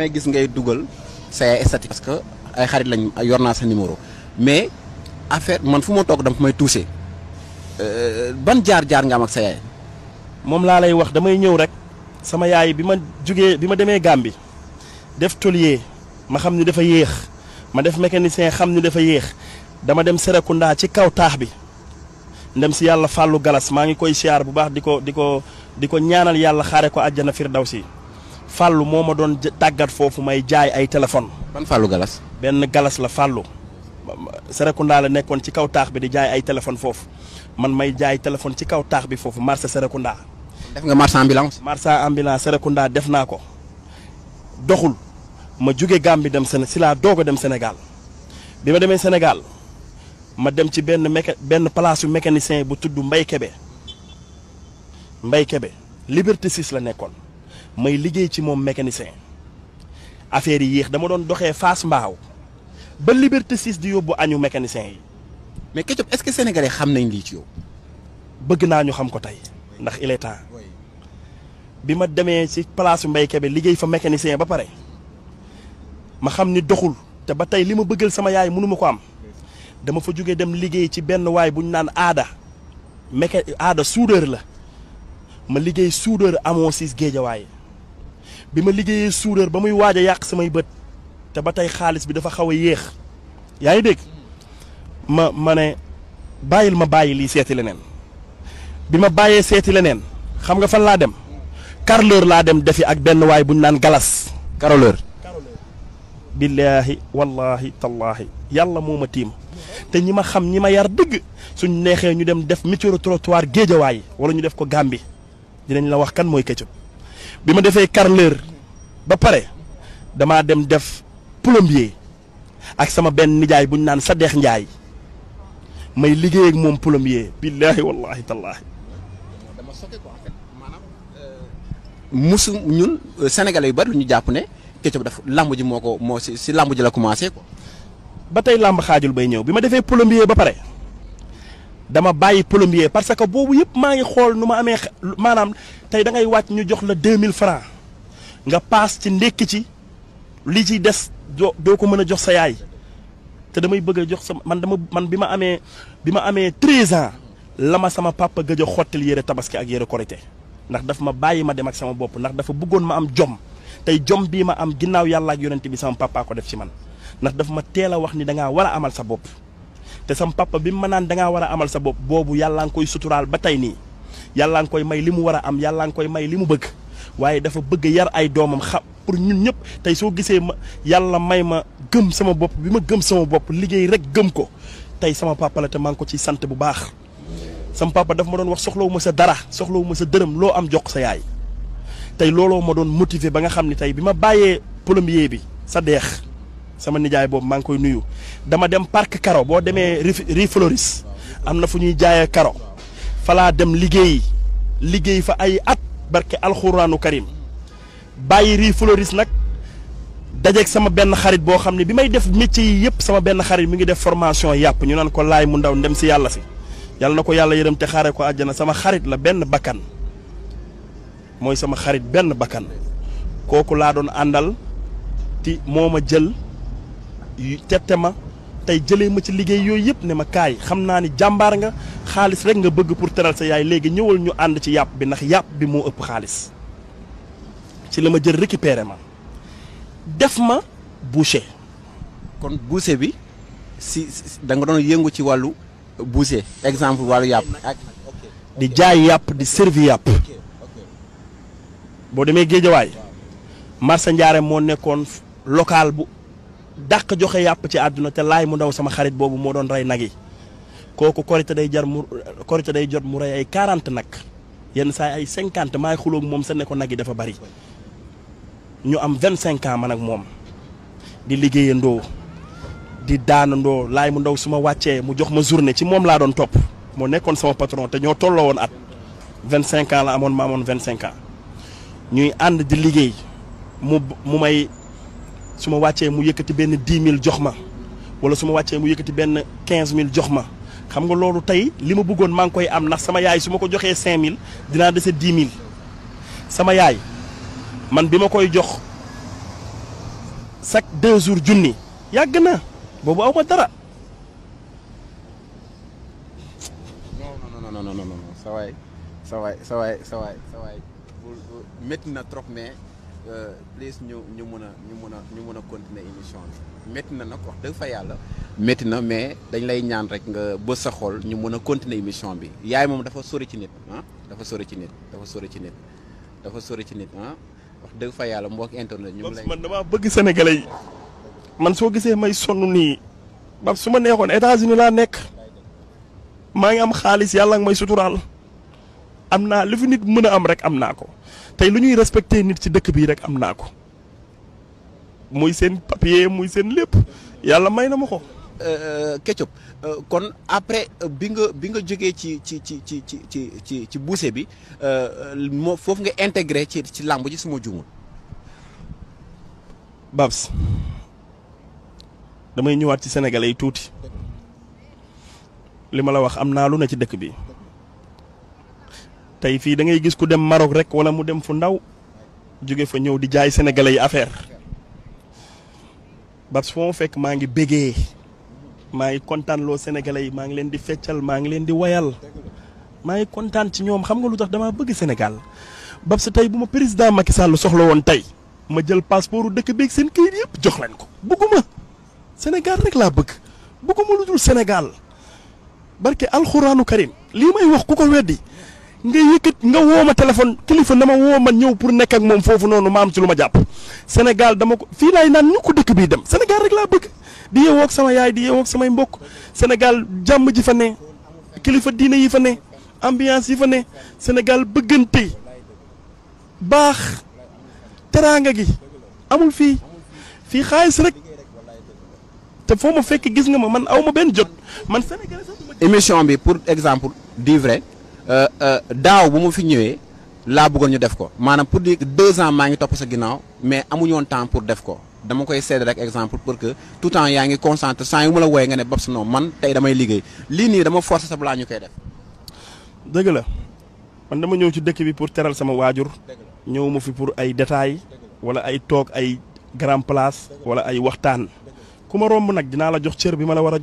may gis ngay dugal say statique parce que ay xarit lañ yor naa sa numéro mais affaire man fu ma toog dama may touché euh, ban jaar-jaar nga am ak sa yaay. moom laa lay wax damay ñëw rek sama yaay bi ma jugee bi ma demee bi def tôlier ma xam ni dafa yéex ma def mécanicien xam ni dafa yéex dama dem Serekunda ci kaw taax bi ndem si yàlla fàllu galas maa ngi koy siyaar bu baax di ko di ko di ko ñaanal yàlla xaare ko àjjana si fàllu moo ma doon tàggat foofu may jaay ay téléphone ban fàllu galas benn galas la fàllu Serekunda la nekkoon ci kaw taax bi di jaay ay téléphone foofu man may jaay téléphone ci kaw taax bi foofu marché Serekunda def nga marchand ambulant marchand ambulant Serekunda def naa ko doxul ma jóge bi dem Séné si laa doog a dem senegal bi ma demee senegal ma dem ci benn méca benn place yu mécanicien bu tudd Mbay Kebe Mbay Kebe Liberté la nekkoon may liggéey ci moom mécanicien affaire yi yéex dama doon doxee Fass Mbaaw ba Liberté 6 di yóbbu añu mécanicien yi. mais Ketchup est-ce que sénégalais xam nañ lii ci yow. bëgg naa ñu xam ko tey ndax il est temps bi ma demee ci place Mbaye Kébé liggéey fa mécanicien ba pare ma xam ni doxul te ba tey li ma bëggal sama yaay mënuma ko am dama fa jóge dem liggéey ci benn waay bu ñu naan aada méca aada soudeur la ma liggéey suudar amoo siis géejawaay bi ma liggéeyee soudeur ba muy waaj yàq samay bët te ba tey xaalis bi dafa xaw a yéex yaa ngi dégg ma ma ne bàyyil ma bàyyi lii seeti leneen bi ma bàyyee seeti leneen xam nga fan laa dem carreleur laa dem defi ak benn waay bu ñu naan galas carreleur billaahi wallaahi tallaahi yàlla moo ma tiim te ñi ma xam ñi ma yar dëgg suñ neexee ñu dem def micro trottoir waay wala ñu def ko Gàmbi dinañ la wax kan mooy Ketchup bi ma defee carreleur ba pare damaa dem def plombier ak sama benn nijaay bu ñu naan sa Sadex Njaay may liggéey ak moom plombier billaahi wallaahi tallaahi euh, musu ñun euh, sénégalais yu bari ñu jàpp ne bi daf lamb ji moo ko moo si si làmb ji la commencé ko ba tey lamb xaajul bay ñëw bi ma defee plombier ba pare dama bàyyi plombier parce que boobu yëpp maa ngi xool nu ma amee maanaam tey da ngay wàcc ñu jox la 2000 francs nga paas ci ndékki ci li ci des doo doo ko mën a jox sa yaay te damay bëgg a jox sa man dama man bi ma amee bi ma amee 13 ans la ma sama papa gëj a xottil yére tabaski ak yére korité ndax daf ma bàyyi ma dem ak sama bopp ndax dafa bëggoon ma am jom tey jom bii ma am ginnaaw yàlla ak yonent bi sama papa def ci man ndax daf ma teel a wax ni da war a amal sa bopp. te sam papa bi mu ma naan da war a amal sa bopp boobu yàllaa nga koy suturaal ba tey nii yàllaa nga koy may li mu war a am yàllaa nga koy may li mu bëgg waaye dafa bëgg yar ay doomam xam pour ñun ñëpp tey soo gisee ma yàlla may ma gëm sama bopp bi ma gëm sama bopp liggéey rek gëm ko tey sama papa te maa ko ciy sant bu baax. sama papa daf ma doon wax soxlawu ma sa dara soxlawu ma sa dërëm loo am jox sa yaay tey looloo ma doon motiver ba nga xam ni tey bi ma bàyyee plombier bi sa deex. sama nijaay boobu maa ngi koy nuyu dama dem parc Caro boo demee Rue Floris am na fu ñuy jaayee Caro falaa dem liggéeyi liggéey fa ay at barke alxuraanu karim bàyyi Rue Floris nag dajeeg sama benn xarit boo xam ne bi may def métier yi yëpp sama benn xarit mi ngi def formation yàpp ñu naan ko laay mu ndaw ndem si yàlla si yàlla na ko yàlla yërëm te xaare ko àjjana sama xarit la benn bakkan mooy sama xarit benn bakkan kooku laa doon àndal ti moo ma jël tette ma tey jëlee ma ci liggéey yooyu yëpp ne ma kaay xam naa ni jàmbaar nga xaalis rek nga bëgg pour teral sa yaay léegi ñëwal ñu ànd ci yàpp bi ndax yàpp bi moo ëpp xaalis ci la ma jël récupéré ma def ma boucher. kon boucher bi si da doon yëngu ci wàllu boucher exemple wàllu yàpp di jaay yàpp di servi yàpp boo demee géejawaay marsa Ndiare moo nekkoon local bu dàq joxe yàpp ci àdduna te laay mu ndaw sama xarit boobu moo doon rey nag yi kooku korite day jar mu korite day jot mu rey ay 40 nag yenn saa ay 50 maay xuloog moom sa ne ko nag yi dafa bari ñu am 25 cinquant man ak moom di liggéeyandoo di daanandoo laay mu ndaw su ma wàccee mu jox ma journée ci moom laa doon topp moo nekkoon sama patron te ñoo tolloo woon at vingt ans la amoon ma amoon 25 ans ñuy ànd di liggéey mu mu may. su ma wàccee mu yëkkati benn dix mille jox ma wala su ma wàccee mu yëkkati benn quinze mille jox ma xam nga loolu tey li ma bëggoon maa ngi koy am ndax sama yaay su ma ko joxee cinq mille dinaa dese dix mille sama yaay man bi ma koy jox chaque deux jours junni yàgg na boobu aw ma dara. non non na trop mais. Euh, please ñu ñu mun a ñu mun a ñu mun a continuer émission bi métti na nag wax dëgg fa yàlla métti na mais dañ lay ñaan rek nga bës sa xol ñu mun a continuer émission bi yaay moom dafa sori ci nit ah dafa sori ci nit dafa sori ci nit dafa sori ci nit ah wax dëgg fa yàlla mbokk internet ñu lay man damaa bëgg sénégalais yi man soo gisee may sonn nii ba su ma neexoon États-Unis laa nekk maa ngi am xaalis yàlla nga may suturaal am naa lu fi nit mën a am rek am naa ko tey lu ñuy respecté nit ci dëkk bii rek am naa ko muy seen papier muy seen lépp yàlla may na ma ko. Euh, euh, Ketchup euh, kon après bi nga bi nga jógee ci ci ci ci ci ci ci ci buuse bi moo foofu nga intégré ci ci làmb ji suma juumul. Babs damay ñëwaat ci sénégalais yi tuuti li ma la wax am naa lu ne ci dëkk bi. tey fii da ngay gis ku dem Maroc rek wala mu dem fu ndaw jóge fa ñëw di jaay sénégalais yi affaire Babs foo fekk maa ngi béggee maa ngi kontaan loo sénégalais yi maa ngi leen di feccal maa ngi leen di wayal maa ngi kontaan ci ñoom xam nga lu tax damaa bëgg Sénégal Babs tey bu ma président Macky Sall soxla woon tey ma jël passeport dëkk beeg seen këyit yëpp jox leen ko bëgguma Sénégal rek laa bëgg bëgguma lu dul Sénégal barke alxuraanu karim lii may wax ku ko weddi nga yëkkat nga woo ma téléphone kilifa na ma woo ma ñëw pour nekk ak moom foofu noonu ma am ci lu ma jàpp Sénégal dama ko fii laay naan ñu ko dëkk bii dem Sénégal rek laa bëgg di yeewoo ak sama yaay di yeewoo ak samay mbokk Sénégal jàmm ji fa ne kilifa diine yi fa ne ambiance yi fa ne Sénégal bëggante baax teraanga gi amul fii fii xaalis rek te foo ma fekk gis nga ma man aw ma benn jot man Sénégal émission bi pour exemple di vrai Euh, euh, daaw bu mu fi ñëwee laa bëggoon ñu def ko maanaam pour dire deux ans maa ngi topp sa ginnaaw mais amuñu woon temps pour def ko dama koy seede rek exemple pour que tout temps yaa ngi concentré saa yu ma la wooyee nga ne Babs man tey damay liggéey lii nii dama forcé sa balaa ñu koy def. dëgg la man dama ñëw ci dëkk bi pour teral sama waajur. ñëw ma fi pour ay détails. wala ay toog ay grand place. wala ay waxtaan. ku ma romb nag dinaa la jox cër bi ma la war